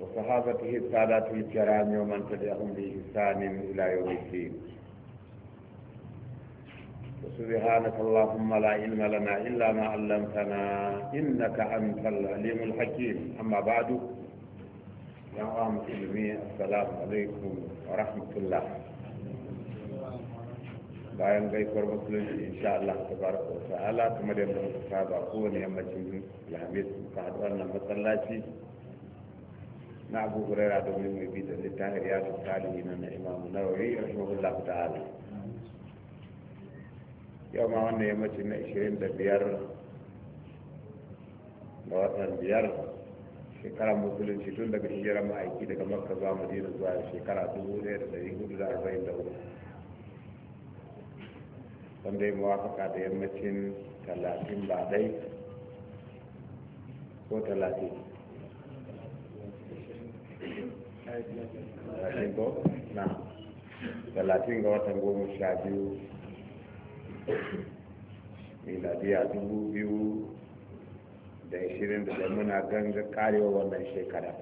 وصحابته السادات الكرام ومن تبعهم بإحسان إلى يوم الدين سبحانك اللهم لا علم لنا إلا ما علمتنا إنك أنت العليم الحكيم أما بعد يا مسلمين السلام عليكم ورحمة الله bayan gaisuwar musulunci insha Allah الله تبارك wa ta'ala kuma da muka saba kowane yammacin Alhamis muka haɗu wannan masallaci na abu hurera domin mai bi da littafin ya ta talibi na na imamu nawawi rahimahullah ta'ala yau ma wannan yammacin na 25 ga watan biyar Shekara musulunci tun daga hijirar ma'aiki daga makka zuwa madina zuwa shekara 1443 wanda ya mawafaka da yammacin talatin ba dai ko talatin na talatin ga watan goma sha biyu miladiya dubu biyu da ishirin da muna ganga karewa wannan shekara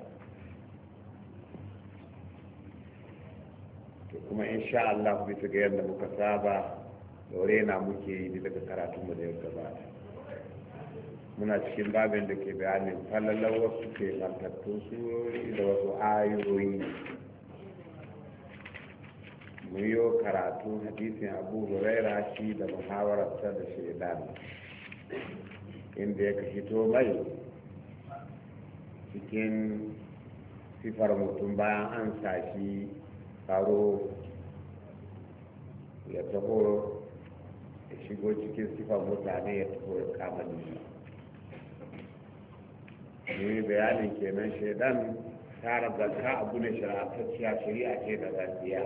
to kuma insha Allah bisa ga yadda muka saba daure na muke yi daga karatunmu da yau gabata muna cikin babin da ke bayanin falalar wasu ke martattun surori da wasu ayoyi mu yi karatu hadisin abu huraira shi da muhawararsa da shaidan inda ya fito mai cikin sifar mutum bayan an sashi tsaro ya taho ya shigo cikin sifar mutane ya taho ya kama ne bayanin kenan shaidan ta rabanta abu ne shari'atacciya shari'a ce da gaskiya.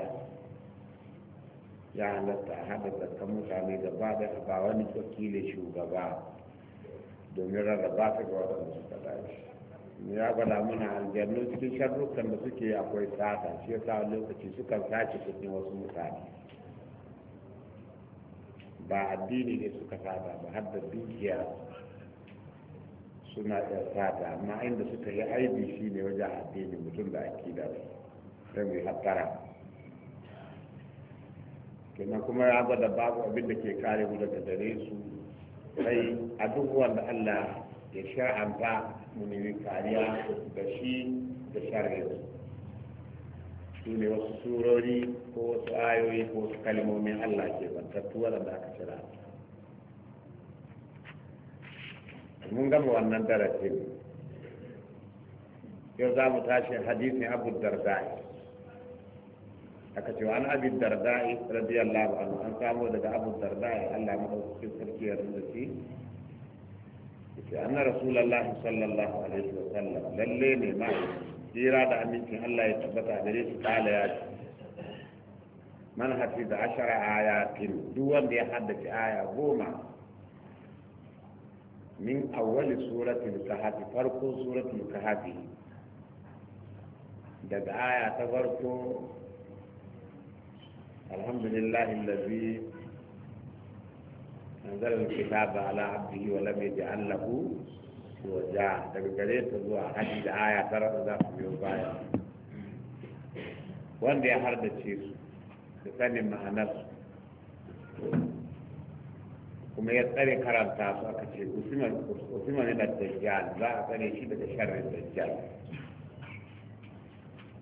ya halatta a haɗa zakkan mutane ba da ba wani wakilin shugaba domin rarraba ta ga waɗanda suka dace ya gwada mana aljannu cikin sharrukan da suke akwai sata shi yasa lokaci suka sace cikin wasu mutane ba addini ne suka sata ba har da dukiya suna da sata amma inda suka yi aibi shi ne wajen addini mutum da akida sai mai hattara kenan kuma ya gwada babu abin da ke kare mu daga dare su sai a duk wanda Allah ya sha'anta mu nemi kariya da shi da sharri su ne wasu surori ko wasu ayoyi ko wasu kalmomin Allah ke bantattu wadanda aka cira mun gama wannan darasin yau za mu tashi hadisin abu dardai aka ce an abu dardai radiyallahu anhu an samu daga abu dardai Allah madaukakin sarki ya rinda shi yace anna rasulullah sallallahu alaihi wa sallam lalle ne ma jira da amincin Allah ya tabbata gare shi kala ya ce man hafiza ashara ayatin duk wanda ya haddace aya goma min awwali suratul kahfi farkon suratul kahfi daga aya ta farko alhamdulillahi allazi anzala alkitaba ala abdihi wa lam yaj'al lahu waja daga gare ta zuwa hadi da aya tara da za su biyo baya wanda ya hardace su da sanin ma'anarsu kuma ya tsare karanta su aka ce usman da dajjal za a tsare shi daga sharrin dajjal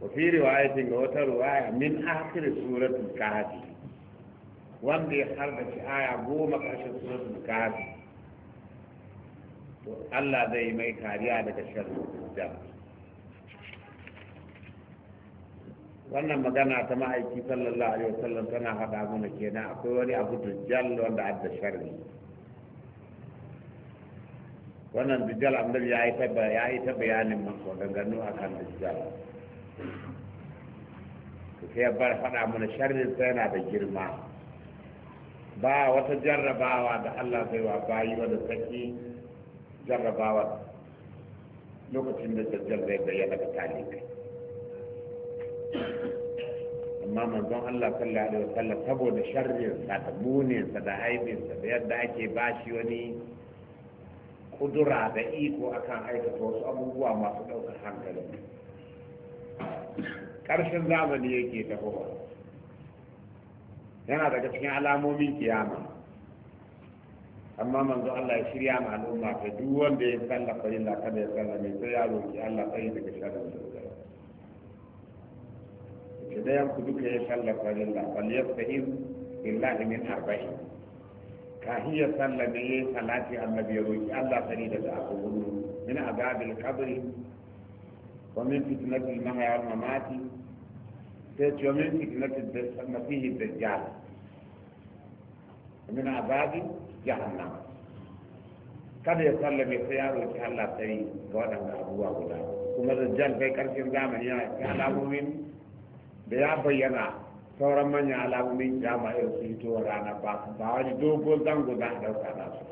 wafi riwaya ga wata riwaya min akhir suratul kahfi wanda ya shi aya goma karshen suratul kahfi to Allah zai mai kariya daga sharrin dajjal wannan magana ta ma'aiki sallallahu alaihi wasallam tana hada mana kenan akwai wani abu dujjal wanda adda sharri wannan dujjal annabi ya yi ta ya yi ta bayanin masa dangano akan dujjal to sai ya bar hada mana sharri sai yana da girma ba wata jarrabawa da Allah zai wa bayi wanda saki jarrabawa lokacin da dujjal zai bayyana ga talibai amma manzon Allah sallallahu alaihi wasallam saboda sharrin sa da munin sa da aibin sa da yadda ake bashi wani kudura da iko akan aikata wasu abubuwa masu ɗaukar hankali Karshen zamani yake tafowa yana daga cikin alamomin kiyama amma manzo Allah ya shirya ma al'umma ta duk wanda ya sallafa illa kada ya sallame sai ya roki Allah sai daga sharrin إذا يمكنك يصلى فلله فليستهين بالله من أربعين كهي صلى به صلاة النبي روحي الله سيدة أقول من عذاب القبر ومن فتنة المهي والممات سيت ومن فتنة المسيح الدجال ومن عذاب جهنم kada ya sallame sai ya roki Allah tsari ga waɗanda abubuwa guda kuma dajjal kai ƙarshen zamani yana cikin alamomin da ya bayyana sauran manyan alamomin kiyama irin su hito rana ba ba wani dogon zango za a dauka na su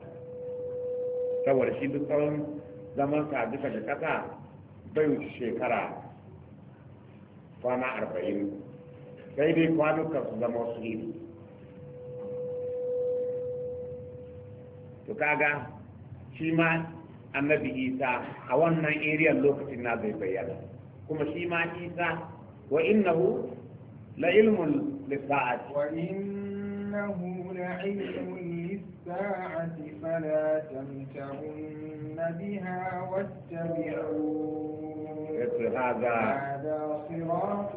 saboda shi duk tsawon zaman sa duka da kasa bai wuce shekara kwana arba'in sai dai kwanukan su zama su iri to kaga shi ma annabi isa a wannan area lokacin na zai bayyana kuma shi ma isa وإنه لعلم للساعة وإنه لعلم للساعة فلا تمتعن بها واتبعون هذا هذا صراط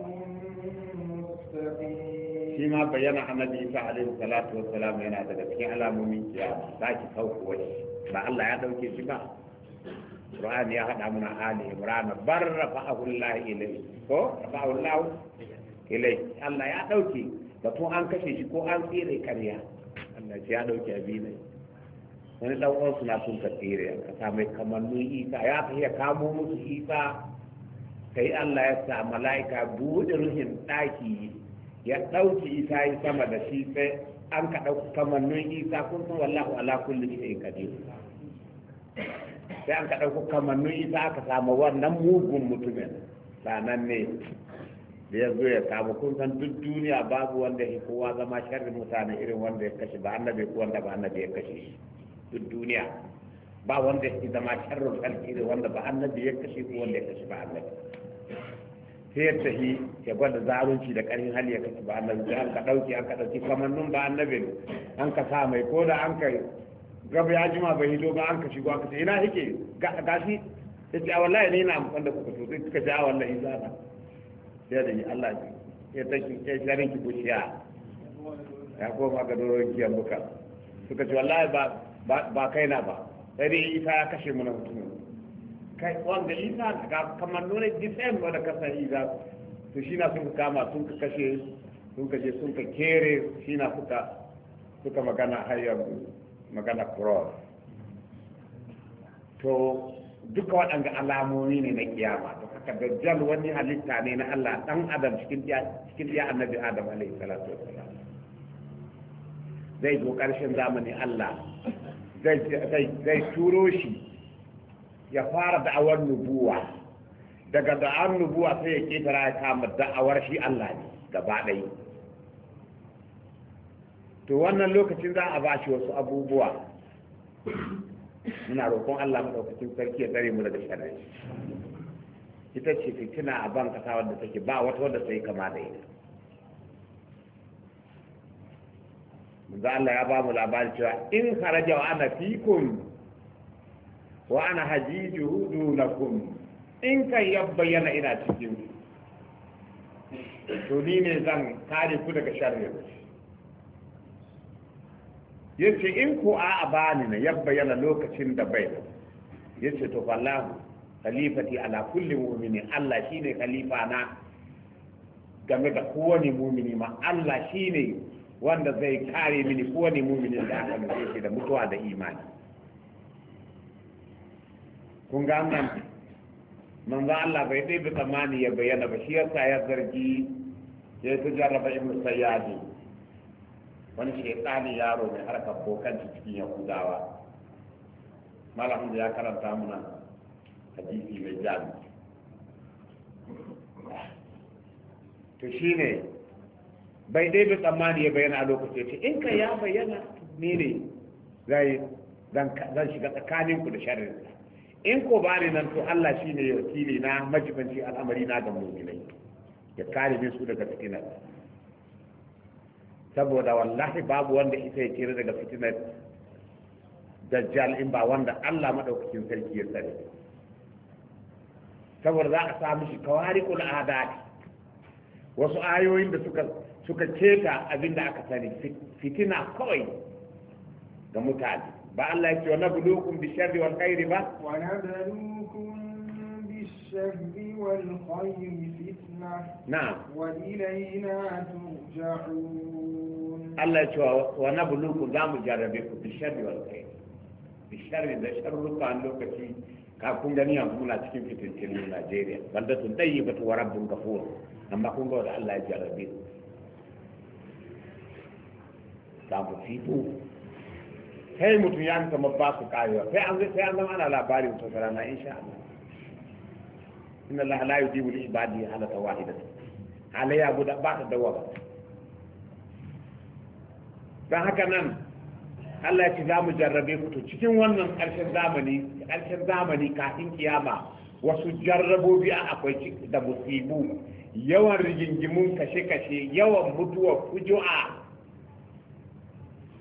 مستقيم فيما بين عن النبي صلى الله عليه الصلاه والسلام هنا تذكر على مميتها لا تخوف وجه ما الله يدعوك بها Qur'ani ya hada muna ali Imran bar rafa'ahu Allah ilai ko rafa'ahu Allah ilai Allah ya dauke batun an kashe shi ko an tsire kariya, Allah ya dauke abi ne wani dan uwan suna sun ka tsire ka sa mai kamannin Isa ya fi ka kamo musu Isa kai Allah ya sa mala'ika bude ruhin ɗaki ya ɗauki Isa ya sama da shi sai an ka ɗauki kamannin Isa kun san wallahu ala kulli shay'in kadir sai an ka ɗauko kamannin isa aka samu wannan mugun mutumin sanan ne da ya zo ya samu kun san duk duniya babu wanda ya kowa zama sharri mutane irin wanda ya kashe ba annabi ko wanda ba annabi ya kashe shi duk duniya ba wanda ya zama sharri sarki irin wanda ba annabi ya kashe ko wanda ya kashe ba annabi sai ya tafi ya gwada zarunci da ƙarfin hali ya kashe ba annabi sai an ka ɗauki an ka ɗauki kamannin ba annabi an ka sa mai ko da an ka gaba ya jima bai hito ba an ka shigo aka ce ina yake gashi ya ce a wallahi ne ina amfani da kuka sosai suka ce a wallahi zana sai da ni Allah ya ki ya sharin ki bushiya ya koma ga doron kiyan buka suka ce wallahi ba ba kai na ba sai dai isa ya kashe mu na mutum kai wanda isa ga kamar nuna disayin ba da kasar isa to shi na sun kama sun ka kashe sun ka je sun ka kere shi na suka suka magana har yanzu magana cross to duka waɗanda alamomi ne na kiyama to haka jal wani halitta ne na Allah dan adam cikin ya annabi adam alaihi salatu wassalam zai zo karshen zamani Allah zai turo shi ya fara da'awar nubuwa daga da'awar nubuwa sai ya ketara ya kama da'awar shi Allah ne gaba ɗaya to wannan lokacin za a ba shi wasu abubuwa muna roƙon Allah madaukakin sarki ya tsare mu daga shari'a ita ce fitina a ban kasa wadda take ba wata wadda sai kama da ita manzo Allah ya ba mu labarin cewa in kharaja wa ana fikum wa ana hajiju dunakum in kan ya bayyana ina cikin to ni ne zan kare ku daga sharri yace in ko a bani na ya bayyana lokacin da bai yace to wallahu khalifati ala kulli mu'mini Allah shine khalifa na game da kowane mumini ma Allah shine wanda zai kare mini kowane muminin da aka nufe da mutuwa da imani kun ga nan manzo Allah bai bi tsammani ya bayyana ba shi yasa ya zargi ya ta jarraba ibn sayyadi wani shekani yaro mai harkar kokan cikin yahudawa Malam da ya karanta muna hadisi mai jami to shi ne, bai daidai tsammani ya bayyana a lokacin ce in ka ya bayyana ne ne zai zan shiga tsakaninku da sharrin in ko ba ne nan to Allah shi ne ya wakili na majibanci al'amari na ga mu'minai ya kare su daga fitinar saboda wallahi babu wanda ita ya kira daga fitinar dajjal in ba wanda Allah madaukakin sarki ya sani, saboda za a samu shi kawarikul adati wasu ayoyin da suka suka keta abin da aka sani fitina kawai ga mutane ba Allah ya ce wa nabluukum bi sharri wal khairi ba wa الشر والخير فتنة نعم وإلينا ترجعون الله يشوى ونبلوكم دام جاربكم بالشر والخير بالشر إذا شر لك أن لك شيء كاكم جميعا كولا تكيب في تلك النيجيريا بلدة طيبة ورب غفور أما كون قول الله جاربكم tambu fitu hey mutu yanka mabaku kayo fe an fe an nan ala labari to sarana insha Allah inna allaha la yujibu li ibadihi halata wahidatan halayya guda ba da dawa ba don haka nan Allah ya ce za mu jarrabe ku to cikin wannan ƙarshen zamani ƙarshen zamani kafin kiyama wasu jarrabobi akwai da musibu yawan rigingimun kashe-kashe yawan mutuwa fuju'a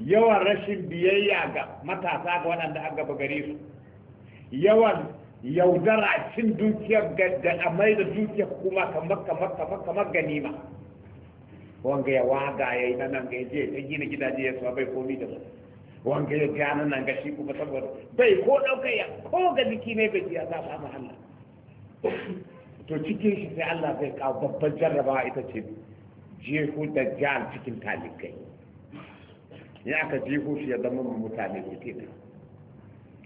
yawan rashin biyayya ga matasa ga waɗanda an gaba gare su yawan yaudara cin dukiyar da a mai da dukiyar kuma kamar kamar kamar kamar ganima wanga ya waga ya yi nan ga je ta gina gidaje ya saba bai komi da ba wanga ya ga nan ga shi kuma saboda bai ko dauka ya ko ga jiki ne bai ya zaba ma Allah to cikin shi sai Allah zai kawo babban jarrabawa ita ce jihu da jihar cikin talikai ya aka jihu shi ya zama mutane fitina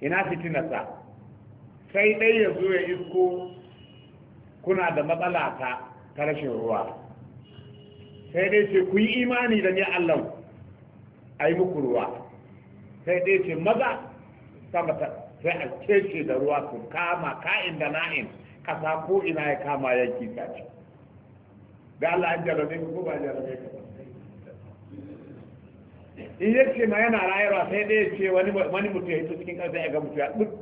ina fitina sa sai dai ya zo ya isko kuna da matsala ta rashin ruwa sai dai ce ku yi imani da ni Allah a yi muku ruwa sai dai ce maza sama sai a ce da ruwa su kama ka'in da na'in kasa ko ina ya kama yanki ta ce da Allah an jarabe ko ba jarabe ka in yake ma yana rayuwa sai dai ya ce wani mutum ya hito cikin ƙasa ya ga mutum ya duk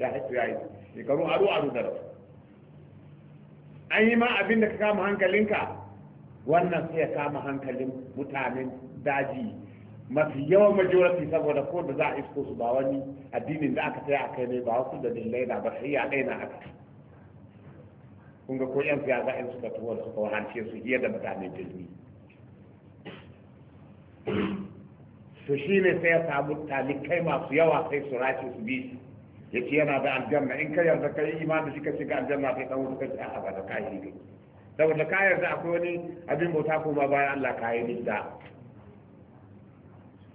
ya haifu ya yi shekaru aro aro da an yi ma abin da ka kama hankalinka wannan sai ya kama hankalin mutanen daji mafi yawan majority saboda ko da za a isko su ba wani addinin da aka tsaya a kai ne ba wasu da dalilai na ba sai ya ɗaya na aka kun ga ko yan za su suka tuwo da suka wahance su da mutanen jirgi to shi ne sai ya samu talikai masu yawa sai su race su bi shi yake yana da aljanna in ka yarda kai imani shi ka shiga aljanna kai dan wuta kai a ba da kai ne saboda ka yarda akwai wani abin bauta kuma bayan Allah ka yi da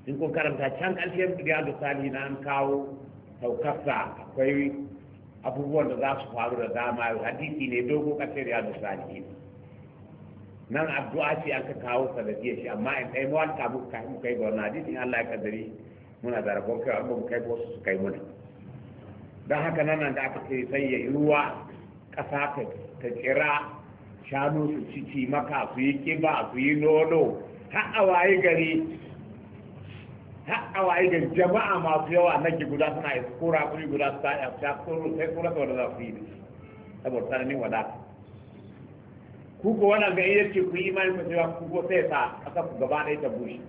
in kun karanta can da da sali na an kawo saukarsa akwai abubuwan da za su faru da dama hadisi ne dogo da da sali nan addu'a ce aka kawo sanadiyar shi amma in ɗaya mawar kamu ka yi ga wannan hadisi Allah ya kaddari muna da rabon kai amma mu kai wasu su kai muna don haka nan da aka ce sai ya yi ruwa ƙasa ta kira shanu su cici maka su yi kiba su yi nono har gari gari jama'a masu yawa na ki guda suna iskura kuri guda su ta'a ta kuru sai kura ta za su yi saboda tsananin wadata ku ko wannan ga iya ce ku yi imani ku cewa ku ko sai ta ƙasa ku gaba ɗaya ta bushe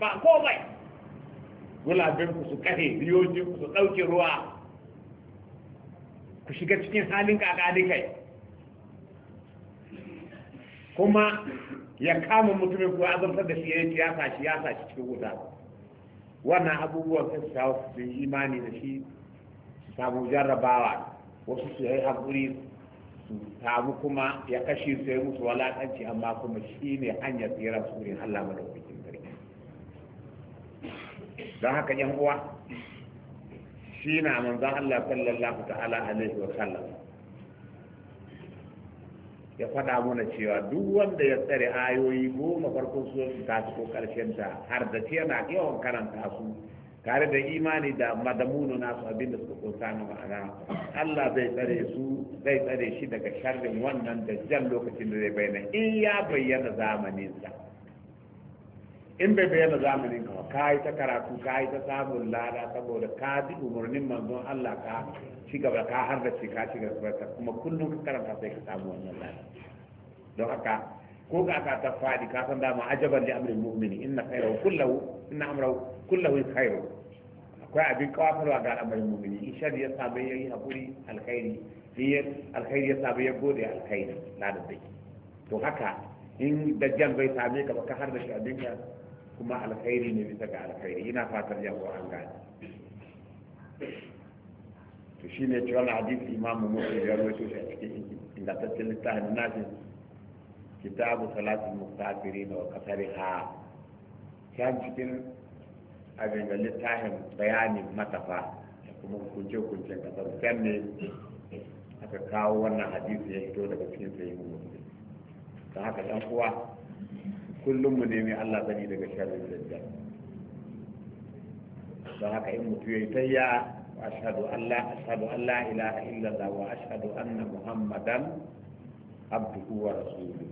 ba komai gulabin ku su kahe biyoji ku su ɗauke ruwa ku shiga cikin halin kakalikai kuma ya kama mutumin kuwa azabtar da shi ya yi ya ya cikin wuta wannan abubuwan sun shawo su imani da shi sabu samu jarrabawa wasu su yi haƙuri su samu kuma ya kashe su yi musu walakanci amma kuma shi ne hanyar tsira su ne Allah madaukakin sarki don haka yan uwa shi na manzan Allah sallallahu ta'ala alaihi wa sallam ya faɗa mana cewa duk wanda ya tsare ayoyi goma farko su ta ko karshen ta har da ce na yawan karanta su tare da imani da madamunu na abin da suka kunsa na ma'ana Allah zai tsare su zai tsare shi daga sharrin wannan da jan lokacin da zai bayyana in ya bayyana zamaninsa in bai bayyana zamanin ka ka yi ta karatu ka yi ta samun lada saboda ka bi umarnin manzon Allah ka ci gaba ka harbace ka ci gaba ka kuma kullum ka karanta sai ka samu wannan lada don haka ko ka ka ta fadi ka san dama ajaban li amrin mu'mini inna khayrahu kullahu inna amrahu kullahu khayru akwai abin kawafarwa ga al'amarin mu'mini in shari ya samu yayi haƙuri, alkhairi in alkhairi ya samu ya gode alkhairi ladan zai. to haka in dajjal bai same ka ba ka shi abin ka kuma alkhairi ne bisa ga alkhairi ina fatar yawo an gane to shi ne cewa hadisi imamu muslim ya rawaito shi a cikin ingantaccen littafin nashi kitabu salatul mustafirin wa qasariha Ya cikin abin da littafin bayanin matafa da kuma hukunce hukuncen kasar can ne aka kawo wannan hadisi ya fito daga cikin sahihu muslim haka dan uwa kullum mu nemi Allah sani daga sharrin dajjal don haka in mutu yayi tayya wa ashhadu Allah, la ashhadu an la ilaha illallah wa ashhadu anna muhammadan abduhu wa rasuluhu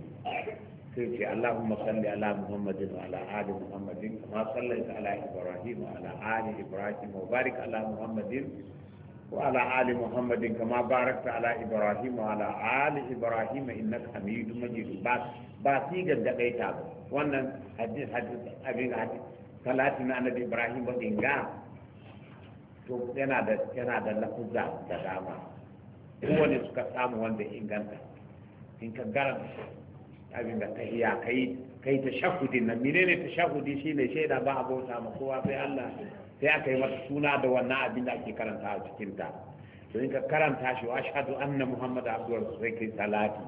sai ce Allahumma salli ala Muhammadin wa ala ali Muhammadin kama sallaita ala Ibrahim wa ala ali Ibrahim wa barik ala Muhammadin وعلى آل محمد كما باركت على إبراهيم وعلى آل إبراهيم إنك حميد مجيد بس باسيغا دقيتا وانا حديث حديث أبين حديث صلاتنا على إبراهيم ودينغا to yana da yana da lafuza da dama kowane suka samu wanda inganta in ka garanta abin da ta iya kai kai ta shahudi na menene ta shahudi shine shaida ba abota ma kowa sai Allah sai aka yi mata suna da wannan abin da ake karanta a cikin ta to in ka karanta shi wa ashhadu anna muhammad abdullahi sai kai salati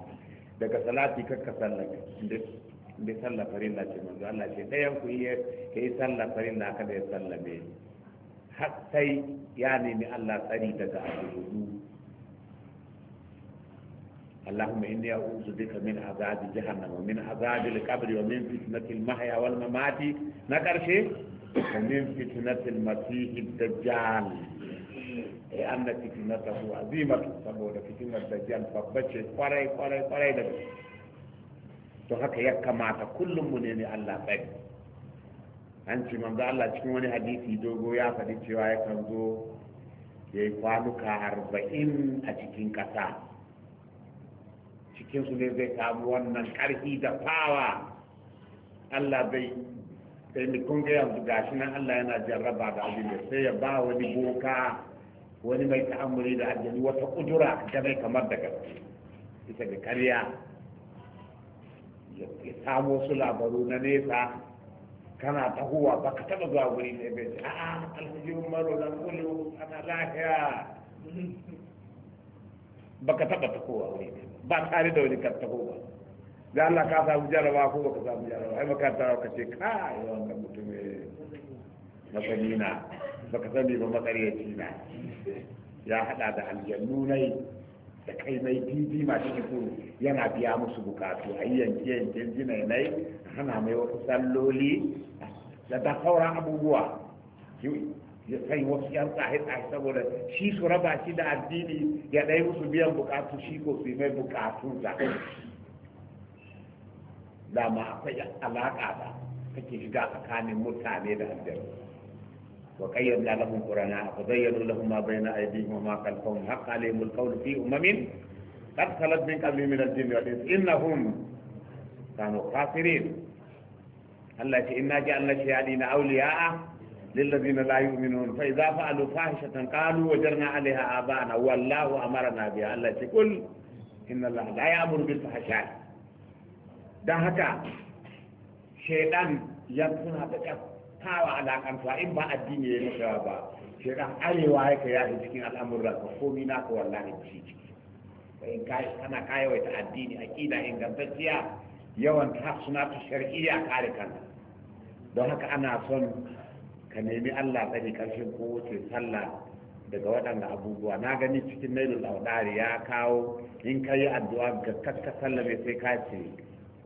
daga salati kakka sallaka da sallah farilla ce manzo Allah ce ɗayan ku iya yi sallah farilla kada ya sallame har sai ya nemi Allah tsari daga abubu اللهم إني أعوذ بك من عذاب جهنم ومن عذاب القبر ومن فتنة المحيا والممات نكر شيء ومن فتنة المسيح الدجال لأن فتنته عظيمة saboda fitinar dajjal babba ce kwarai kwarai kwarai da to haka ya kamata kullum mu nemi Allah tsari an ce manzo Allah cikin wani hadisi dogo ya faɗi cewa yakan zo ya kwanuka arba'in a cikin ƙasa cikinsu ne zai samu wannan ƙarfi da fawa Allah bai sai mai kun gaya yanzu gashi nan Allah yana jarraba da abin da sai ya ba wani boka wani mai ta'amuri da aljani wata kudura da mai kamar da gaske bisa ga karya ya samo su labaru na nesa kana tahowa ba ka taba zuwa wuri ne bai ce a'a alhaji umaru na kulu ana lahiya ba ka taba tahowa wuri ne ba tare da wani ka tahowa ba da Allah ka samu jaraba ko baka samu jaraba ai baka tawo kace kai wannan mutum ne masani na baka sani ba makaryaci na ya hada da aljannu nai da kai mai bibi masu shukuru yana biya musu bukatu a yanke yankin jinai nai hana mai wasu salloli da ta sauran abubuwa ya kai wasu yan tsahi tsahi saboda shi su raba shi da addini ya ɗai musu biyan bukatu shi ko su yi mai bukatu da dama akwai alaƙa ba kake shiga tsakanin mutane da aljanu wa qayyadna lahum qurana fa zayyana lahum ma bayna aydihim wa ma khalfahum haqqan alayhim alqawl fi ummin qad khalat min qablihim min al-jinni wal insi innahum kanu kafirin Allah ce inna ja'alna shayatina awliya'a la yu'minun للذين لا يؤمنون فإذا فعلوا فاحشة قالوا وجرنا عليها آباءنا والله أمرنا بها الله inna Allah la ya'muru bil fahsha'i don haka shaidan ya suna da kawa alakanta in ba addini ya nufa ba shaidan arewa ya kai yafi cikin al'amuran ka komi na ka wallahi ci ciki in kana kayawaita addini aƙida ingantacciya yawan suna ta shari'iyya kare kanta. don haka ana son ka nemi Allah tsari karshen kowace sallah daga waɗanda abubuwa na gani cikin nailul audari ya kawo in ka yi addu'a ga kakka sallabe sai ka ce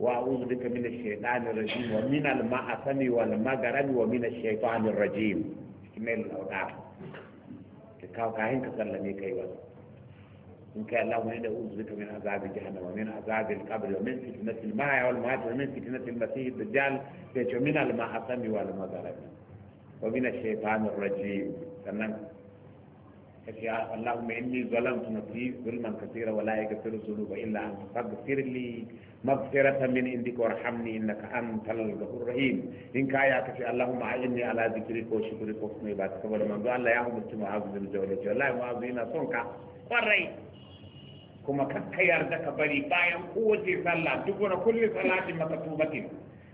وأعوذ بك من الشيطان الرجيم ومن المعصم والمغرب ومن الشيطان الرجيم من الأوضاع كاو كاين كسلمي كيوا إن كان الله من أعوذ بك من عذاب جهنم ومن عذاب القبر ومن فتنة الماء والمات ومن فتنة المسيح الدجال ومن المعصم والمغرب ومن الشيطان الرجيم تمام يا اللهم إني ظلمت نفسي ظلما كثيرا ولا يغفر الذنوب إلا أنت فاغفر لي مغفرة من عندك وارحمني إنك أنت الغفور الرحيم إن كايا كفي اللهم أعني على ذكرك وشكرك وحسن عبادتك ولا من قال لا يعمل كما عبد الجولة والله معاذ إنا صنك قري كما كير ذاك بري باين قوة صلاة تكون كل صلاة مكتوبة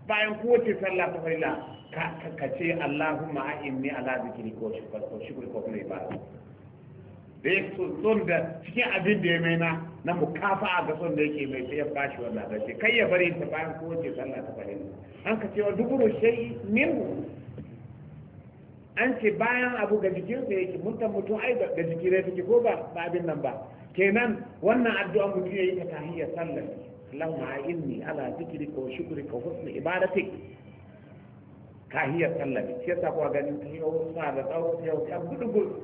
باين قوة صلاة تقول الله كتي اللهم أعني على ذكرك وشكرك وحسن عبادتك da ya son da cikin abin da ya mai na na mukafa a ga son da yake mai sai ya bashi wannan da ce kai ya bari ta bayan kowace sallah ta fahimta an ka cewa duburu shai minhu an ce bayan abu ga jikinsa yake mutan mutum ai ga jiki ne take ko ba abin nan ba kenan wannan addu'a mutum yayi ta tahiyya sallar Allahumma inni ala zikrika wa shukrika wa husni ibadatik tahiyya sallar shi yasa ko ganin tahiyya wasu da tsawo yau ta gudu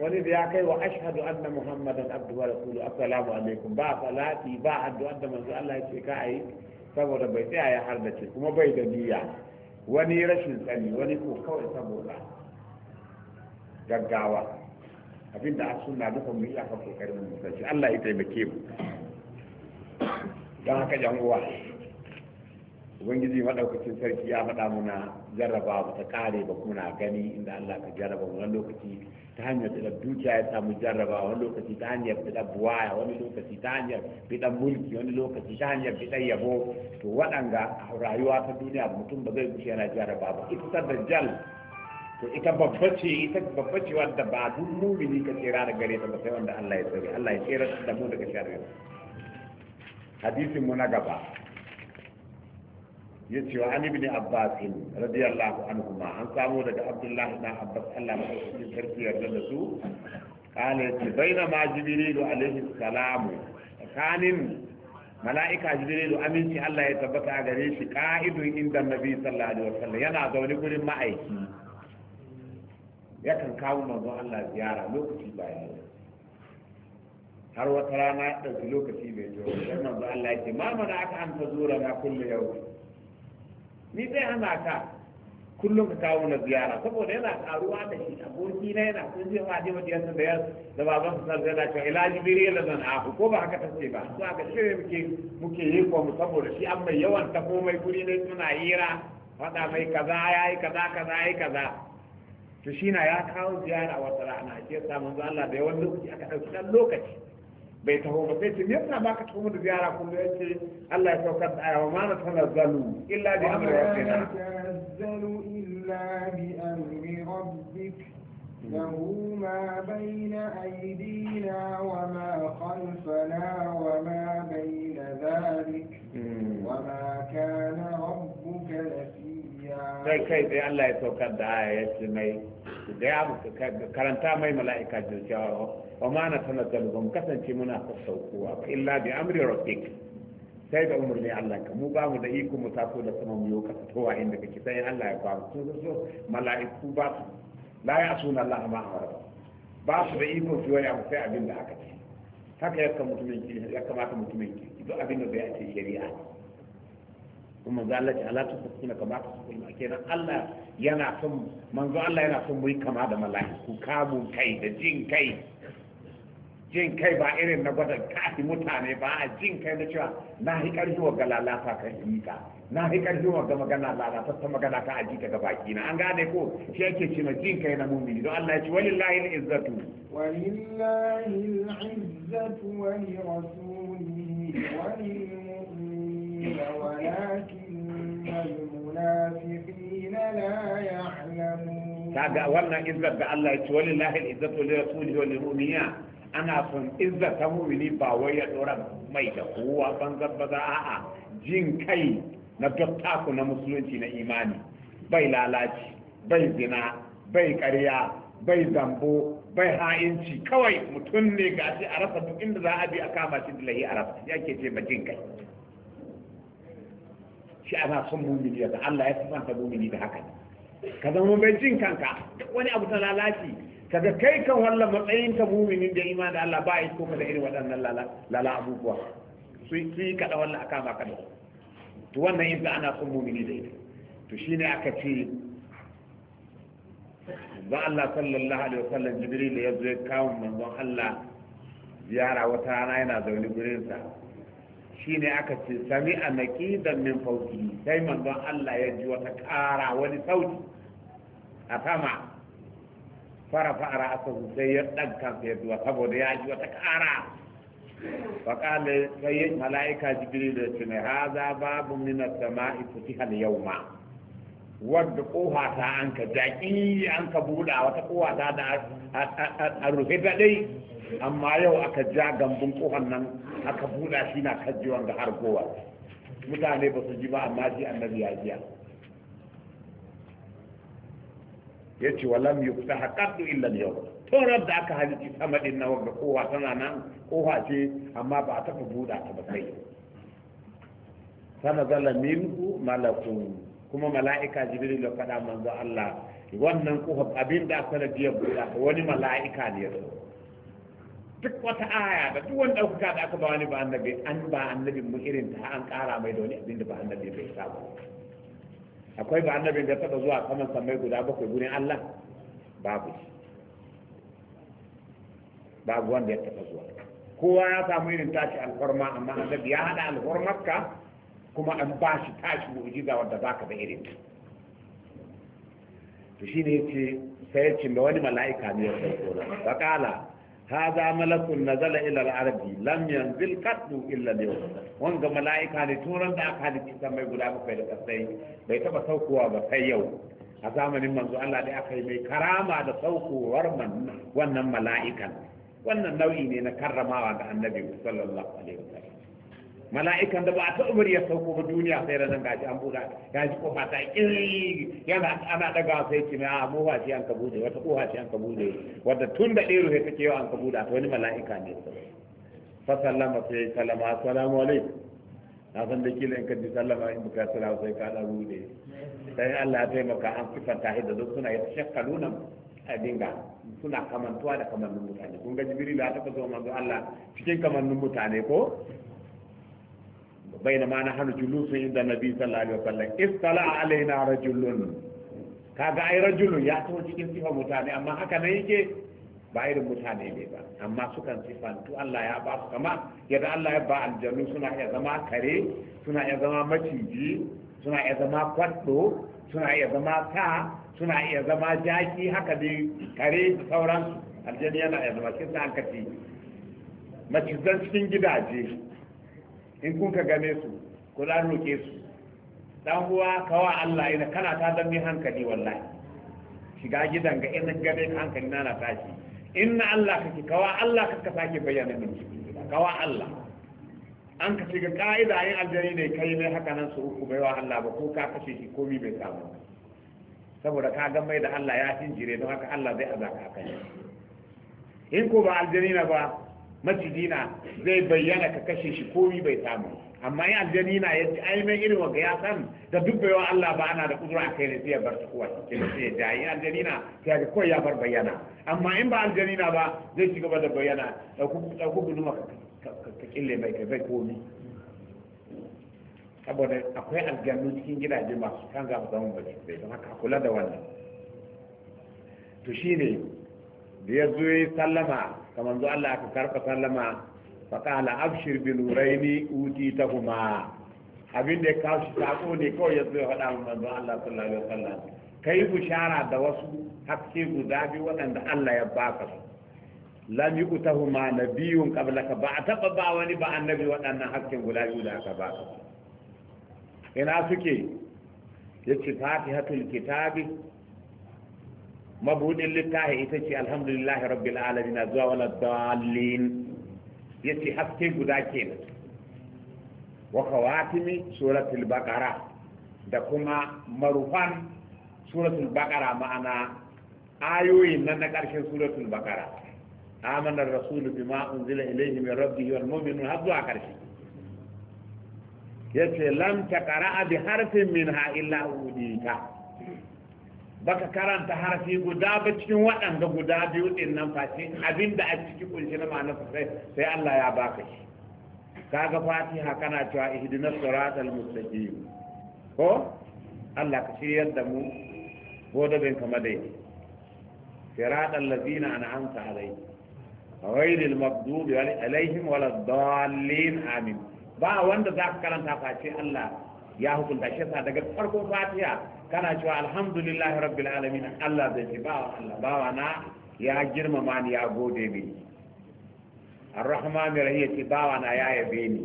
wani da ya kai wa ashhadu anna muhammadan abdu wa rasulu assalamu alaikum ba salati ba addu'a da manzo Allah ya ce ka ayi saboda bai tsaya ya hardace kuma bai da niyya wani rashin tsani wani ko kawai saboda gaggawa abinda a suna duka mu iya kafa kokarin mu sai Allah ya taimake mu dan haka jan uwa ubangiji madaukakin sarki ya faɗa muna jarraba ba ta kare ba kuma na gani inda Allah ka jarraba mu lokaci ta hanyar da dukiya ya samu jarraba wani lokaci ta hanyar da buwaya wani lokaci ta hanyar bidan mulki wani lokaci ta hanyar bidan yabo to waɗanga rayuwa ta duniya mutum ba zai gushe yana jarraba ba ita ta dajjal to ita babba ce ita babba ce wanda ba duk mumini ka tsira da gare ta ba sai wanda Allah ya tsare Allah ya tsira da mu daga sharri hadisin mu na gaba yace wa an ibn abbas radiyallahu anhuma an samu daga abdullahi na abbas Allah ya cikin sarki yarda da su qala yace baina ma jibril alaihi salamu tsakanin mala'ika jibril aminci Allah ya tabbata a gare shi qa'idun inda nabi sallallahu alaihi wasallam yana zaune gurin ma'aiki yakan kawo manzon Allah ziyara lokaci bayan har wata rana ya ɗauki lokaci mai jiyo sai manzon Allah ya ce ma mana aka an ta zura na kullum yau ni zai hana ka kullum ka kawo na ziyara saboda yana karuwa da shi aboki na yana sun je ma je wajen da ya da ba zan sanar da cewa ila jibril da zan ahu ko ba haka ce ba su aka shirya muke muke yi ko mu saboda shi an mai yawan ta komai guri ne suna hira fada mai kaza ya yi kaza kaza ya yi kaza to shi na ya kawo ziyara wata rana ke sa manzo Allah da yawan lokaci aka dauki dan lokaci bai taho ba sai ce me yasa baka taho mu da ziyara kullu yace Allah ya saukar da ayawa ma na tanazzalu illa bi amri rabbina tanazzalu illa bi amri rabbik له ما بين أيدينا وما خلفنا وما بين ذلك وما كان ربك نسيا. كيف الله يتوكل دعاء يسمي su gaya musu karanta mai mala'ika da cewa wa ma na tanazzalu ba mu kasance muna sassaukowa illa bi amri rabbik sai da umarni Allah ka mu ba mu da iko mu taso da sama mu yau ka fitowa inda kake sai Allah ya ba mu sun so mala'iku ba su la ya asuna Allah ma amara ba su da iko su wani abu sai abin da aka ce haka ya mutumin ya kamata mutumin ki duk abin da zai ce shari'a kuma zalaci ala tusukuna kamata su kuma kenan Allah yana son manzo Allah yana son muyi kama da mala'iku kamun kai da jin kai jin kai ba irin na gwada kafi mutane ba a jin kai na cewa na yi ƙarfi wa galalata yi ka na yi ƙarfi wa ga magana lalata ta magana ka aji daga baki na an gane ko shi yake ce ma jin kai na mumini don Allah ya ce walillahi al-izzatu walillahi al-izzatu wa li rasulihi wa lil mu'minina walakin al-munafiqin kaga wannan izzar da Allah ya ci wani lahil da wani rasuli wani rumiya ana son izzat ta mumini ba wai ya dora mai da kowa ban ba za a a jin kai na dattaku na musulunci na imani bai lalaci bai zina bai karya bai zambo bai ha'inci kawai mutum ne ga shi a rasa duk inda za a bi a kama shi da lahi a rasa ya ke ce ma jin kai shi ana son mumini da Allah ya sifanta mumini da haka ka zama mai jin kanka wani abu ta lalaci kaga kai kan wallan matsayin ka muminin da imani da Allah ba ya ko da irin waɗannan lala abubuwa su yi kada wallan aka ma kada to wannan yin ana son mumini da ita to shi ne aka ce ba Allah sallallahu alaihi wasallam jibril ya zo ya kawo manzon Allah ziyara wata rana yana zaune gurinsa shine aka ce sami a da min fauki sai manzon Allah ya ji wata ƙara wani sauti a sama fara fara aka sai ya ɗan sai ya saboda ya ji wata ƙara faƙale sai mala'ika jibiri da su ne haza babu sama as ci hal yau ma. wadda ƙuwa ta an ka jaƙi an ka buɗa wata ƙuwa ta da a rufe daɗai amma yau aka ja gambun ƙuwan nan aka buɗa shi na kajjewan ga har kowa mutane ba su ji ba amma ji annabi ya jiya ya ce lam yi kusa haƙaɗu illan yau torar da aka halici sama ɗin na wanda kowa tana nan kowa ce amma ba a taɓa buɗa ta ba kai sana zala minhu malakun kuma mala'ika jibiri da faɗa manzo Allah wannan kofa abin da aka jiya buɗa wani mala'ika ne ya zo duk wata aya da duk wani ɗaukaka da aka ba wani ba annabi an ba annabi mu irin ta an ƙara mai da wani abin da ba annabi bai saba akwai ba annabin da taɓa zuwa saman samai guda bakwai gurin Allah babu babu wanda ya taɓa zuwa kowa ya samu irin tashi alfarma amma annabi ya haɗa alfarmarka kuma an ba shi tashi mu'jiza wanda za ka da irin to shine yace sai ya ce wani mala'ika ne ya sauko na faƙala هذا ملك نزل الى العربي لم ينزل قط الا اليوم وانغ ملائكه ني توران دا كادي تي سامي غدا ما كاي دكا ساي باي تبا سوكوا با كاي يوم a zamanin manzo Allah dai akai mai karama da saukowar wannan mala'ikan wannan nau'i ne na karramawa ga annabi sallallahu alaihi wasallam mala'ikan da ba a taɓa ya sauko ba duniya sai da nan gaji an buɗa gaji kofa ta ƙiri yana ana daga sai kimi a mofa ce an ka bude wata kuwa ce an ka bude wadda tun da ɗero ya take yau an ka buɗa ta wani mala'ika ne fa sallama sai sallama assalamu alaikum na san da kila in ka ji sallama in buka sallama sai ka da bude sai Allah ya taimaka an sifanta ta da duk suna ya shakkaluna a dinga suna kamantuwa da kamannin mutane kun ga jibril ya taɓa zo manzo Allah cikin kamannin mutane ko bainama nahnu julusun inda nabi sallallahu alaihi wasallam istala alaina rajulun kaga ai rajulun ya taho cikin sifa mutane amma haka ne yake ba irin mutane ne ba amma sukan to Allah ya ba su kama yadda Allah ya ba aljanu suna iya zama kare suna iya zama maciji suna iya zama kwaddo suna iya zama ta suna iya zama jaki haka dai kare da sauransu aljanu yana iya zama kin san kaci macizan cikin gidaje in kun ka game su ku dan roke su dan uwa kawa Allah ina kana ta dan hankali wallahi shiga gidan ga in gabe hankali na na tashi inna Allah kake kawa Allah kaka sake bayyana min kawa Allah an ka shiga ka'ida yin aljari ne kai ne haka nan su uku baiwa Allah ba ko ka kashe shi komi bai samu saboda ka ga mai da Allah ya tinjire don haka Allah zai azaka kai in ko ba aljari na ba maciji na zai bayyana ka kashe shi komi bai samu amma in aljani na ya ci ainihin irin wanda ya san da duk baiwa Allah ba ana da kudura a kai ne sai ya bar tukuwa cikin sai ya yi aljani na sai ga kawai ya bar bayyana amma in ba aljani na ba zai ci gaba da bayyana ɗauku guduma ka kille mai kai bai komi saboda akwai aljannu cikin gidaje masu kan ga zaman bai don haka kula da wannan to shine da ya zo yi sallama kamar zo Allah ka karfa sallama faƙala abshir bi nuraini uti ta kuma abin da ya kawo shi sako ne kawai ya zo ya faɗa wa manzo Allah sallallahu alaihi wasallam kai bushara da wasu haske guda biyu waɗanda Allah ya baka su lam yutahuma nabiyun qablaka ba a taba ba wani ba annabi waɗannan hasken guda biyu da aka baka ina suke yace fatihatul kitabi mabudin littafi ita ce alhamdulillahi rabbil alamin zuwa wala Ya yace haske guda kenan wa kawatimi suratul baqara da kuma marufan suratul baqara ma'ana ayoyin nan na karshen suratul baqara amana ar-rasul bima unzila ilayhi min rabbihi wal mu'minun har zuwa karshe yace lam taqra'a bi harfin minha illa udita baka karanta harafi guda ba cikin waɗanda guda biyu ɗin nan face abinda a ciki kunshi na ma'ana sai sai Allah ya baka shi kaga fatiha kana cewa ihdinas siratal mustaqim ko Allah ka shiryar da mu goda bin kama dai siratal ladina an'amta alayhi ghayril maghdubi alaihim waladdallin amin ba wanda za ka karanta face Allah ya hukunta shi daga farkon fatiha kana cewa alhamdulillah rabbil alamin Allah zai ce ba Allah bawa na ya girmama ni ya gode mini arrahmanir rahim ci bawa na ya yabe ni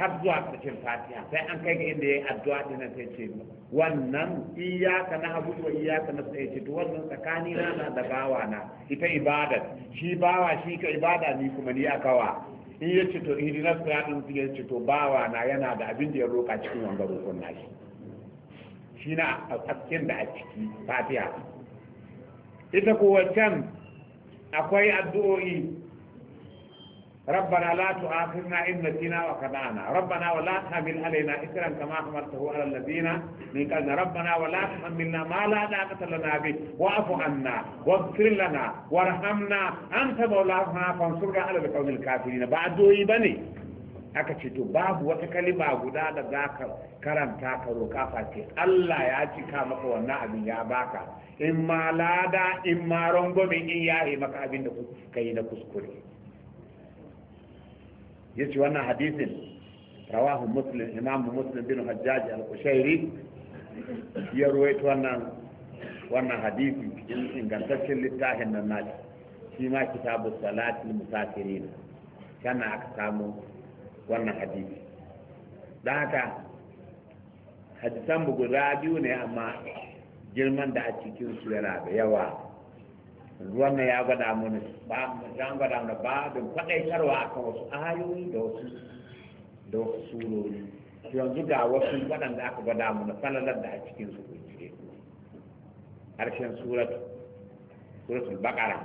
har zuwa cikin fatiha sai an kai ga inda yayi addu'a din sai ce wannan iyyaka na'budu wa iyyaka nasta'in ce to wannan tsakani na da bawa na ita ibada shi bawa shi ka ibada ni kuma ni akawa in ya ce to ihdinas siratal mustaqim ya ce to bawa na yana da abin da ya roka cikin wanda rukun nashi shi na da a ciki fatiha ita kowa akwai addu’o’i rabbana latu afir na inda tina wa kadana rabbana wa la hamil alaina isran kama kamar tahu ala ladina min kana rabbana wa la hamilna ma la daqata lana bi wa afu anna wa ghfir lana warhamna anta mawlana fansurna ala alqawmil kafirin ba'du yi bane aka ce to babu wata kalima guda da za ka karanta ka roƙa face Allah ya cika maka wannan abin ya baka in ma lada in ma rangwame in ya yi maka abin da ka yi na kuskure yace wannan hadisin rawahu muslim imam muslim bin hajjaji al kushairi ya ruwaito wannan wannan hadisi in ingantaccen littafin nan nashi shi ma kitabu salatil musafirin kana aka samu wannan hadisi don haka hadisan bugu guda biyu ne amma girman da a cikin su yana da yawa wannan ya gwada mun ba ya gwada mun ba don faɗaitarwa akan wasu ayoyi da wasu da wasu surori yanzu ga wasu waɗanda aka gwada mun falalar da a cikin su harshen surat suratul baqara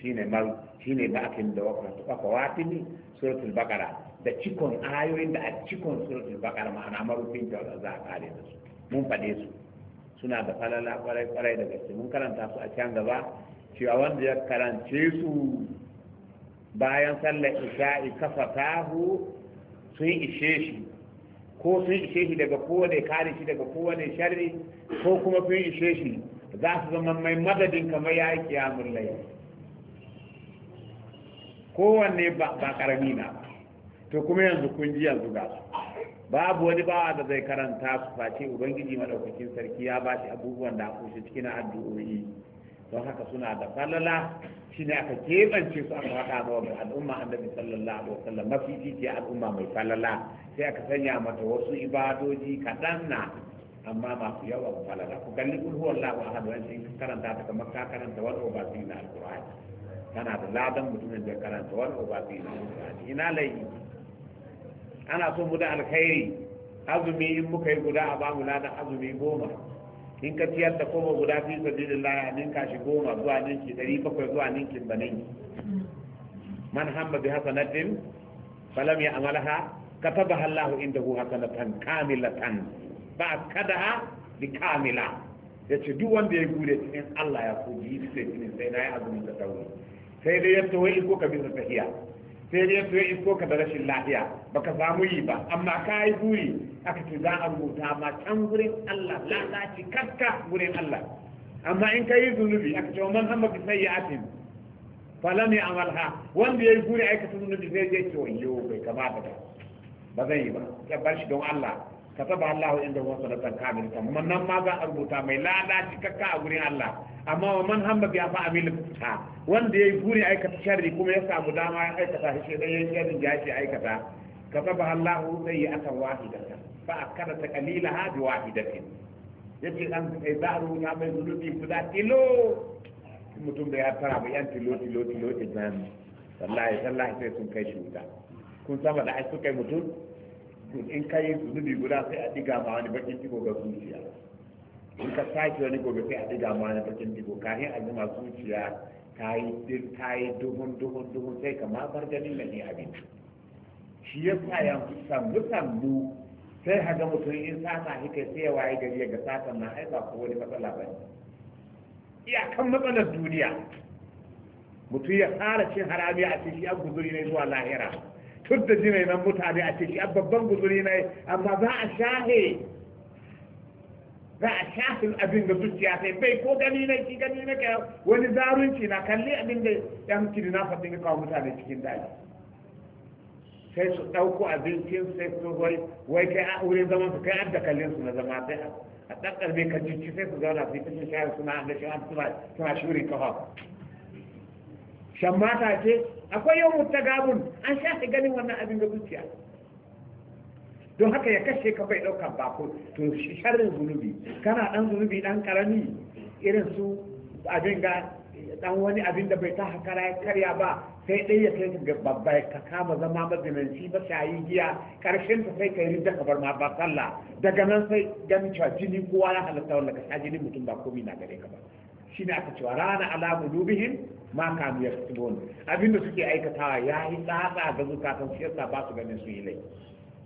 shine mal shine da akin da wakwa wakwa watini suratul baqara da cikon ayoyin da a cikon suratul bakar ma'ana marufin da za a kare da su mun fade su suna da falala kwarai kwarai da gaske mun karanta su a can gaba cewa wanda ya karance su bayan sallar isha'i kafa tahu sun ishe shi ko sun ishe shi daga kowane kare shi daga kowane sharri ko kuma sun ishe shi za su zama mai madadin kamar ya yi laifi kowanne ba karami na ba to kuma yanzu kun ji yanzu ga su babu wani bawa da zai karanta su face ubangiji madaukakin sarki ya ba shi abubuwan da kushe cikin addu'o'i don haka suna da falala shi ne aka keɓance su aka haɗa ma wa al'umma annabi sallallahu alaihi wasallam mafi al'umma mai falala sai aka sanya mata wasu ibadoji kaɗan na amma masu yawa ba falala ku kalli kul huwa Allahu ahad wa karanta ta kamar ka karanta wani ubati na alqur'ani kana da ladan mutumin da karanta wani ubati na alqur'ani ina laifi ana so mu da alkhairi azumi in muka yi guda a bamu da azumi goma in ka ciyar da koma guda fi sabilillah a ninka shi goma zuwa ninki dari bakwai zuwa ninkin banin man hamma bi hasanatin falam ya amalaha katabaha Allah indahu hasanatan kamilatan ba kada bi kamila Ya ce duk wanda ya gure cikin Allah ya kuji sai sai na yi azumi da dauri sai dai ya tawai ko ka bi tahiya sai dai su ya isko ka da rashin lafiya baka samu yi ba amma ka yi buri aka ce za a rubuta ma can wurin Allah lalaci kaska wurin Allah amma in ka yi zunubi aka ce man hamma bi sayyi'atin falam ya'malha wanda yayi buri aikata zunubi zai je ce yo bai kamata ba ba zai yi ba ya bar shi don Allah Ka kataba Allahu inda huwa sadaqan kamilatan kuma nan ma za a rubuta mai lada cikakka a gurin Allah amma wa man hamma bi afa amil ta wanda yayi guri aikata sharri kuma ya samu dama ya aikata shi sai yayin sharri ya ce aikata kataba Allahu sayyi'atan wahidatan fa akada ta qalilaha bi wahidatin yace an sai za a rubuta mai zunubi guda kilo mutum da ya tara bai yan loti loti tilo tilo wallahi wallahi sai sun kai shi wuta kun saba da ai suka yi mutum to in ka yi zunubi guda sai a diga ma wani bakin digo ga zuciya in ka sake wani gobe sai a diga ma wani bakin digo kafin a jima zuciya ta yi din ta yi duhun duhun duhun sai ka ma bar ganin da ne abin shi ya sa yanzu sandu sandu sai haga mutum in sata kai sai ya waye gari ga satan na ai ba ko wani matsala ba ne iyakan matsalar duniya mutum ya fara cin harami a cikin an guzuri ne zuwa lahira كنت جيني من متعبي أتيكي أبا بانقو تريني أما باع شاهي باع شاهي الأبين بسوشي أتي بيكو قنيني كي قنيني كي ونزارون كي ناكن لي أبين دي يمكن لنافت نيكا ومتعبي تكين داي سيسو توقو أبين كين سيسو غوي ويكي أولي زمان فكي أبدا كلين سنة زمان بيها أتقل بيكا جيكي سيسو غوي لأبدي تشين شاهي سنة أبدا شاهي سنة أبدا شاهي سنة أبدا شاهي سنة أبدا شاهي سنة أبدا شاهي سنة أبدا شاهي سنة أبدا شاهي سنة أبدا شاهي سنة أبدا شاهي سنة أبدا شاهي akwai yau gabun an shafi ganin wannan abin da zuciya don haka ya kashe ka bai ɗaukar bako to sharrin zunubi kana dan zunubi dan ƙarami irin su abin ga dan wani abin da bai ta hakara ya karya ba sai dai ya kai ga babba ka kama zama mazinanci ba shayi giya karshen ta sai ka yi rinda kabar ma ba sallah daga nan sai ganin cewa jini kowa ya halatta wanda ka sha jini mutum ba komi na gare ka ba shine aka cewa rana ala qulubihim ma kanu yaktubun abinda suke aikatawa yayi tsatsa ga zukatan su yasa ba su ganin su yi laifi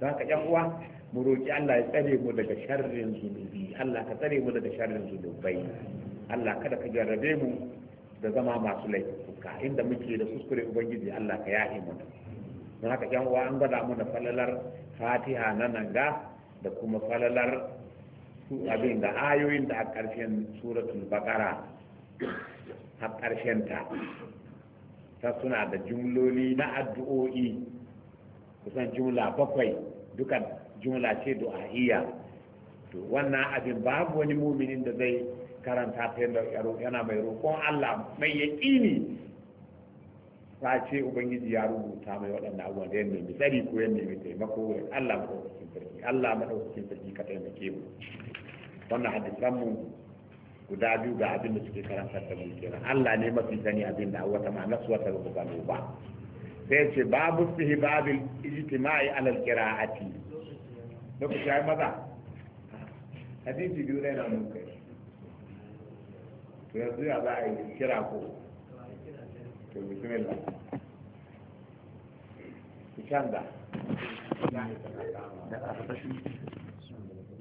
don ka yan uwa mu roki Allah ya tsare mu daga sharrin zunubi Allah ka tsare mu daga sharrin zunubai Allah kada ka jarrabe mu da zama masu laifuka inda muke da kuskure ubangiji Allah ka yahi mu don haka yan uwa an gwada mu da falalar Fatiha na nan ga da kuma falalar abin da ayoyin da a ƙarshen suratul baqara har ta ta suna da jumloli na addu'o'i kusan jumla bakwai duka jumla ce du'a'iyya to wannan abin babu wani muminin da zai karanta ta yana mai roƙon Allah mai yaƙini ba ce ubangiji ya rubuta mai waɗannan abubuwan da ya nemi tsari ko ya mai taimako ya Allah maɗaukakin sarki Allah maɗaukakin sarki ka taimake mu wannan hadisan mu guda biyu ga abin da suke karanta da mun kira Allah ne mafi sani abin da wata ma su wata ba ba sai ce babu sihi babil ijtima'i alal qira'ati lokaci sai maza hadisi biyu ne na mun kai to yanzu ya za a yi kira ko to bismillah ku canza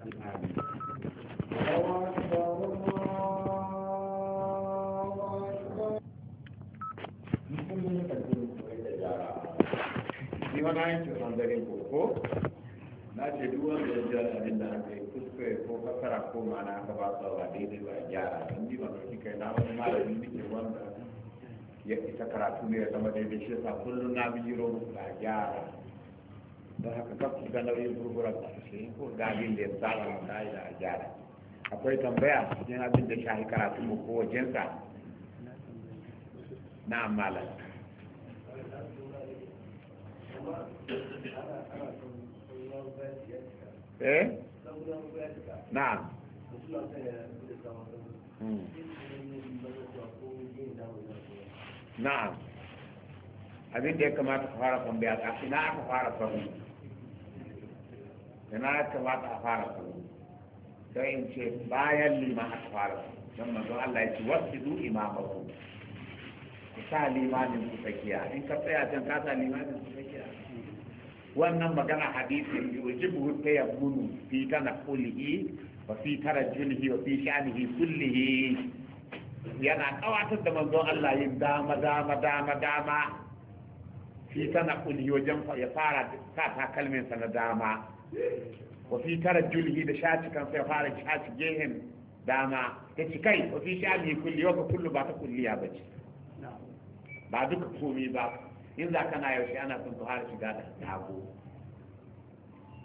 Thank you. fa na wannan ko ko na ce duk wanda ya ji abin da aka yi kuskure ko fasara ko ma'ana aka ba su ba daidai ba gyara in ji ba kai na wani malami nake wanda ya isa karatu ne ya zama daidai shi yasa kullum na bi yiro musu da gyara don haka ga nauyin burbura ba su ko ga abin da ya tsara gyara akwai tambaya cikin abin da shahi karatu mu ko wajensa na amala eh na'am na'am abin da ya kamata ka fara kwambe a aka fara kwambe ina ya kamata a fara kwambe in ce bayan lima aka fara don Allah ya ce wasu du ku sa limamin su tsakiya in ka tsaya can ka sa limamin su tsakiya wannan magana hadisin yujibu tayammunu fi kulihi, wa fi tarajjulihi wa fi sha'nihi kullihi yana kawatar da manzon Allah yin dama dama dama dama fi tanqulihi wajen ya fara sa kalmin sa na dama wa fi tarajjulihi da shaci kan sai fara shaci gehen dama ta ci kai wa fi sha'nihi kulli wa kullu ba ta kulliya bace ba duka komi ba in za kana yaushe ana son ka fara shiga da hago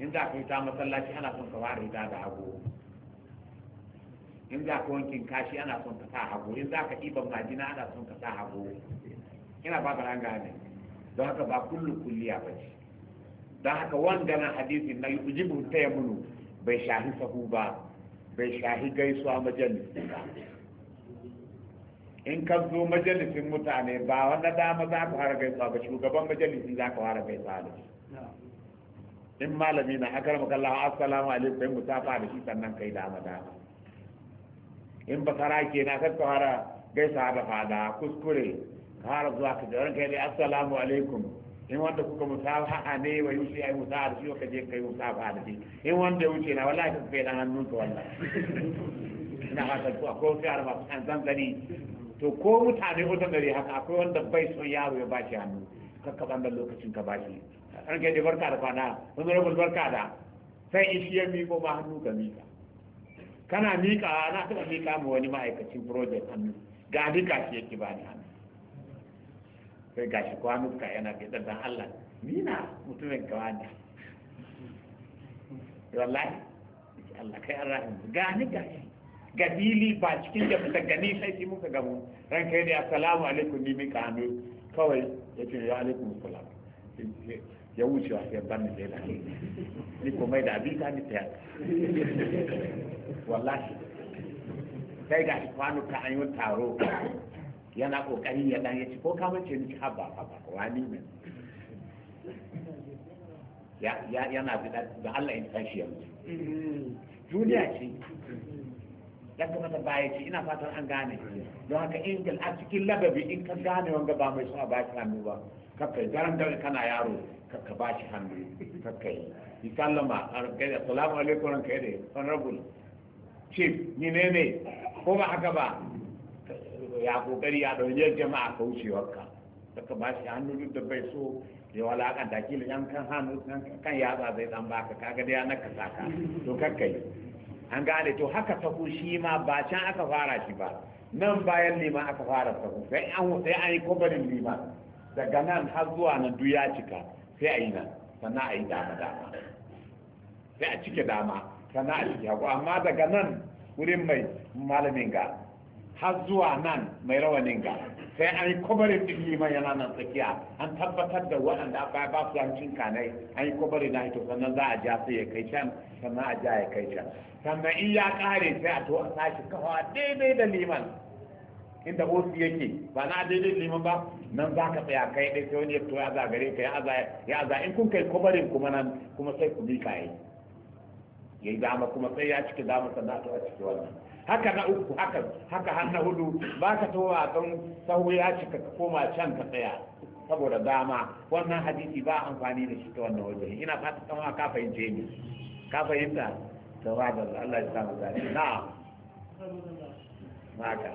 in za ka yi ta masallaci ana son ka fara hita da hago in za ka wankin kashi ana son ka sa hago in za ka ɗiban majina ana son ka sa hago ina ba ka ranga ne don haka ba kullu kulliya ba ce don haka na hadisin na yujibu ta yamunu bai shahi sahu ba bai shahi gaisuwa majalis ba in ka zo majalisin mutane ba wanda dama za ku hara gaisa ba shugaban majalisi za ka hara gaisa da shi in malami na akar makallahu assalamu alaikum sai mu tafa da shi sannan kai dama dama in ba sara ke na kar ka hara gaisa da fada kuskure ka hara zuwa ka jawarin kai dai assalamu alaikum in wanda kuka musafa a ne wa a ai musafa da shi ka je kai musafa da shi in wanda ya wuce na wallahi ka kai dan hannun ka wallahi ina fatan ko akwai wasu yara masu kan zanzani to ko mutane wata gari haka akwai wanda bai son yaro ya bashi hannu kakka da lokacin ka bashi an ke da barka da kwana wani rabin barka da sai shi ya miko ma hannu ka mika kana mika ana taɓa mika ma wani ma'aikacin project hannu ga ni gashi yake ba ni hannu sai gashi ka yana da ɗan Allah ni na mutumin wani wallahi Allah kai an rahim ga ni gashi ga fili ba cikin da muka gani sai shi muka gamu ran kai ne assalamu alaikum ni mika hannu kawai ya ce ya alaikum salam ya wuce wa sai ban da lafiya ni ko mai da abin ta ni ta wallahi sai ga kwano ka an yi taro yana kokari ya dan ya ci ko kamar ce ni haba haba wani ne ya yana da Allah in tashi yanzu duniya ce dan ka masa baya ce ina fatan an gane don haka in gal a cikin ladabi in ka gane wanga ba mai so a bashi hannu ba kakkai garan dare kana yaro kakka bashi hannu kakkai yi sallama a gaida salamu alaikum ran ranka yadda honorable chief ni ne ne ko ba haka ba ya kokari ya ɗauke jama'a ka wuce wucewarka kakka bashi hannu duk da bai so ya wala kan dakilin yankan hannu kan yatsa zai dan baka kaga da ya naka saka to kakkai an gane to haka sahu shi ma ba can aka fara shi ba nan bayan liman aka fara sahu sai an sai an yi kobarin liman daga nan har zuwa nan duk ya cika sai a yi nan sannan a yi dama dama sai a cike dama sannan a cike hagu amma daga nan wurin mai malamin ga har zuwa nan mai rawanin ga sai an yi kwabarin ɗin liman yana nan tsakiya an tabbatar da waɗanda aka ba su yancin kanai an yi kwabari na hito sannan za a ja sai ya kai can sannan a ja ya kai can sannan in ya ƙare sai a to a sashi kafa daidai da liman inda ofi yake ba na daidai liman ba nan za ka tsaya kai ɗai sai wani ya fito ya za gare ka ya za in kun kai kwabarin kuma nan kuma sai ku bi ka yi ya yi dama kuma sai ya cike dama sannan a to a ciki wannan haka na uku haka haka har na hudu ba ka towa a kan sahu ya cika ka koma can ka tsaya saboda dama wannan hadisi ba amfani da shi ta wannan waje ina fata kama ka fahimce ni ka fahimta da Allah ya sa mu zari na maka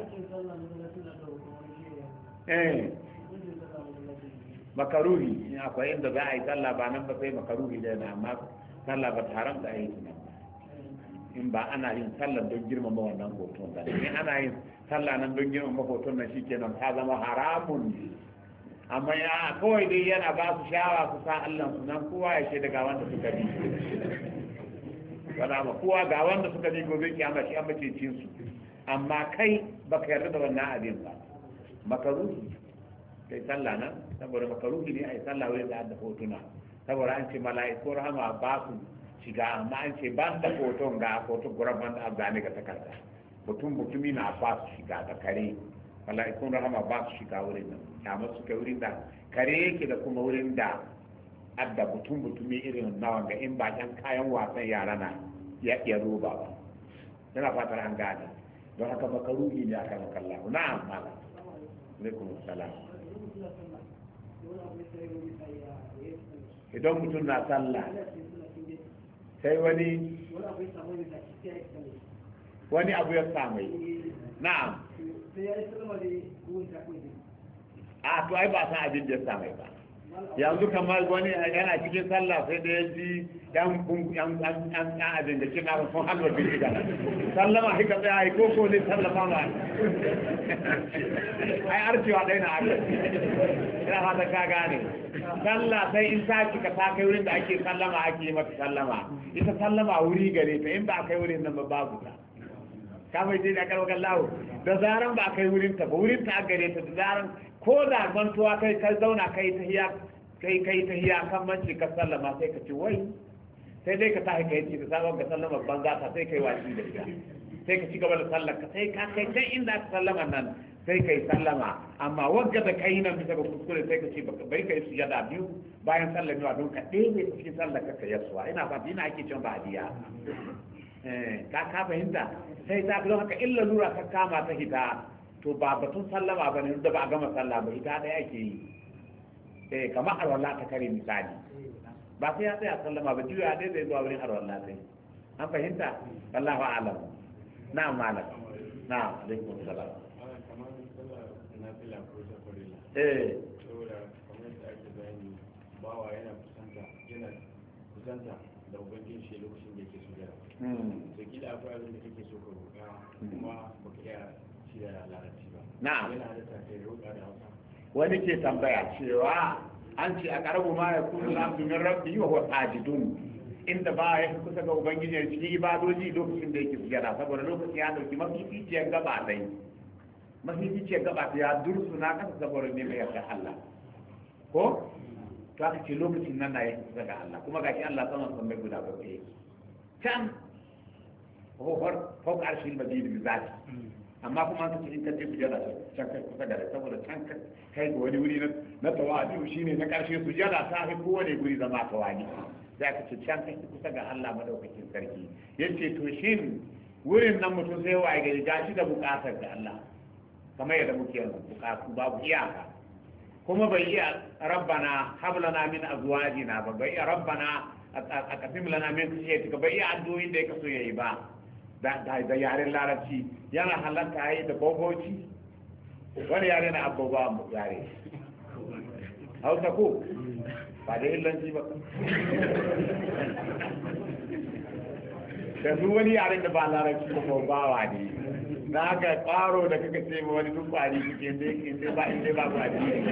eh makaruhi akwai inda za a yi sallah ba nan ba sai makaruhi da na amma sallah ba ta haramta a yi in ba ana yin sallar don girmama wannan hoton ba in ana yin sallah nan don girmama hoton nan shikenan ta zama haramun amma ya kawai dai yana ba su shawa su sa Allah su nan kowa ya ce daga wanda suka bi wala ba kowa ga wanda suka bi gobe kiyama shi an bace cin su amma kai baka yarda da wannan abin ba makaruhi kai sallah nan saboda makaruhi ne ai sallah wurin da hotuna saboda an ce mala'iku rahama ba su shiga amma an ce ba da hoton ga hoton guran ban da azane ga takarda mutum mutumi na ba su shiga da kare mala'ikun rahama ba su shiga wurin nan ya masu kai wurin da kare yake da kuma wurin da adda mutum mutumi irin nawa ga in ba yan kayan wasan yara na ya iya roba ba yana fatar an gane don haka makaruhi ne aka makalla na'am mala alaikum salam idan mutum na sallah sai wani wani abu ya samai na'am a to ai ba san abin da samai ba yanzu kamar wani yana cikin sallah sai da ya ji yan yan abin da kina sun halwa bin shiga sallama hika tsaya ai koko ne sallama ai dai na aka ina ka gane sallah sai in ta ka ta kai wurin da ake sallama ake mata sallama ita sallama wuri gare ta in ba a kai wurin nan ba babu ta ka mai je da karwakan lawo da zaran ba a kai wurin ta ba wurin ta gare ta da zaran ko da mantuwa kai ka zauna kai ta hiya kai kai ta hiya kan manci ka sallama sai ka ci wai sai dai ka ta kai ce da sabon ka sallama banza ta sai kai wasi da ita sai ka ci gaba da sallar ka sai ka kai can inda ka sallama nan sai kai sallama amma wagga da kai nan bisa ga kuskure sai ka ce bai kai yada biyu bayan wa don ka ɗebe cikin sallar ka ka yasuwa ina ba ina ake cin biya eh, ka ka fahimta sai ta don haka illa lura ka kama ta hita to ba batun sallama ba ne da ba a gama sallah ba hita ɗaya yake yi eh kamar arwallah ta kare misali ba sai ya tsaya sallama ba juya dai zai zuwa wurin arwallah sai an fahimta wallahu a'lam na'am malam na'am alaikum salam eh saboda kamar da ake bayani bawa yana kusanta yana kusanta da ubangin shi lokacin da yake sujada hmm. kila akwai abin da kake so hmm. ba wani ke tambaya cewa an ce a ma ya inda ba ya fi kusa ga ubangiji cikin ibadoji lokacin da yake sujada saboda lokacin ya dauki mafi gaba dai mahimmiciyar gaba ta ya dursuna kasa saboda ne mai yarda Allah ko to aka ce lokacin nan na ya isa ga Allah kuma gashi Allah sama sun mai guda gobe can hohor fok arshil majid bi zati amma kuma an ce in ka je sujada can kai kusa da saboda can kai ga wani wuri na tawadi shine na karshe sujada ta fi kowane guri zama tawadi za ka ce can kai kusa ga Allah madaukakin sarki yace to shin wurin nan mutum sai waye ga gaji da bukatar ga Allah kamar yadda muke bukatu babu iyaka kuma bai iya rabbana hablana min azwajina ba bai iya rabbana aqsim lana min ka bai iya addu'o'in da yake so yayi ba da da yaren larabci yana halatta yayi da bogoci wani yare na abubuwa mu yare hausa ko ba da illanci ba da duk wani yaren da ba larabci ba bawa ne da haka ƙwaro da kaka ce ma wani duk kwari suke sai ke sai ba in sai ba ku addini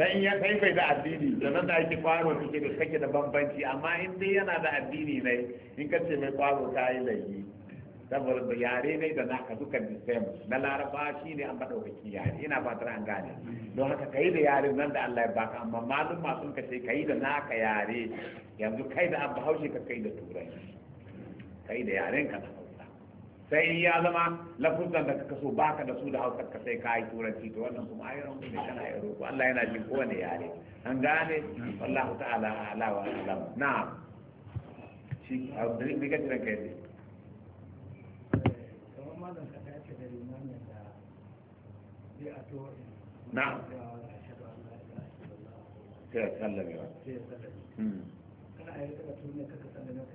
dan in ya kai bai da addini da nan da ake ƙwaro suke da kake da bambanci amma in dai yana da addini ne in ka ce mai ƙwaro ta yi laifi saboda da yare ne da naka da disem na laraba shi ne an maɗaukaki yare ina fatar an gane don haka kai da yare nan da Allah ya baka amma malum masu ka ce kai da naka yare yanzu kai da abu haushe ka kai da turai. kai da yaren ka na sai in ya zama lafuzan da kaka so baka da su da hausar ka sai ka yi turanci to wannan kuma ai ran ne kana yi roƙo Allah yana jin kowane yare an gane wallahu ta'ala ala wa alam na'am shi a dalilin da kake ranka yadda kamar malam ka dace da limamin da ya ato na'am sai ya sallame wa sai ya sallame kana ayyuka tun ne kaka sallame ka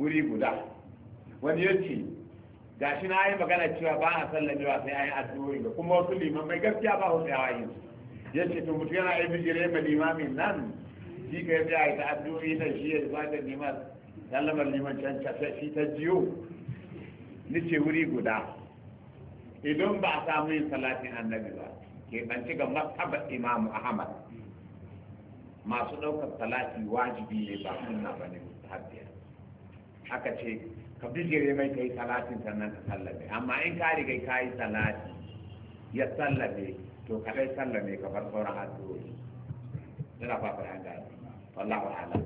wuri guda wani ya ce shi na yi magana cewa ba a sallamewa sai a yi addu'o'i kuma wasu liman mai gaskiya ba wasu yawa yin ya ce to mutum yana aibi jire ma limamin nan shi ka yi yi ta addu'o'i na shi ya zuwa da liman sallamar liman can shi ta jiyo ni ce wuri guda idan ba a samu yin salatin annabi ba ke ci ga masaba imamu ahmad masu ɗaukar salati wajibi ne ba sunna ba ne mustahabbiya aka ce ka bijire mai kai salatin sannan ka sallabe, amma in ka riga ka yi salati ya sallabe, to ka dai sallame ka bar sauran addu'o'i ina fatar an gane wallahu ala,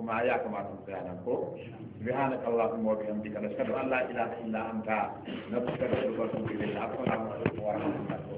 kuma ya kamata mu tsaya nan ko subhanaka allahumma wa bihamdika nashhadu an la ilaha illa anta nastaghfiruka wa natubu ilayk assalamu alaikum wa rahmatullahi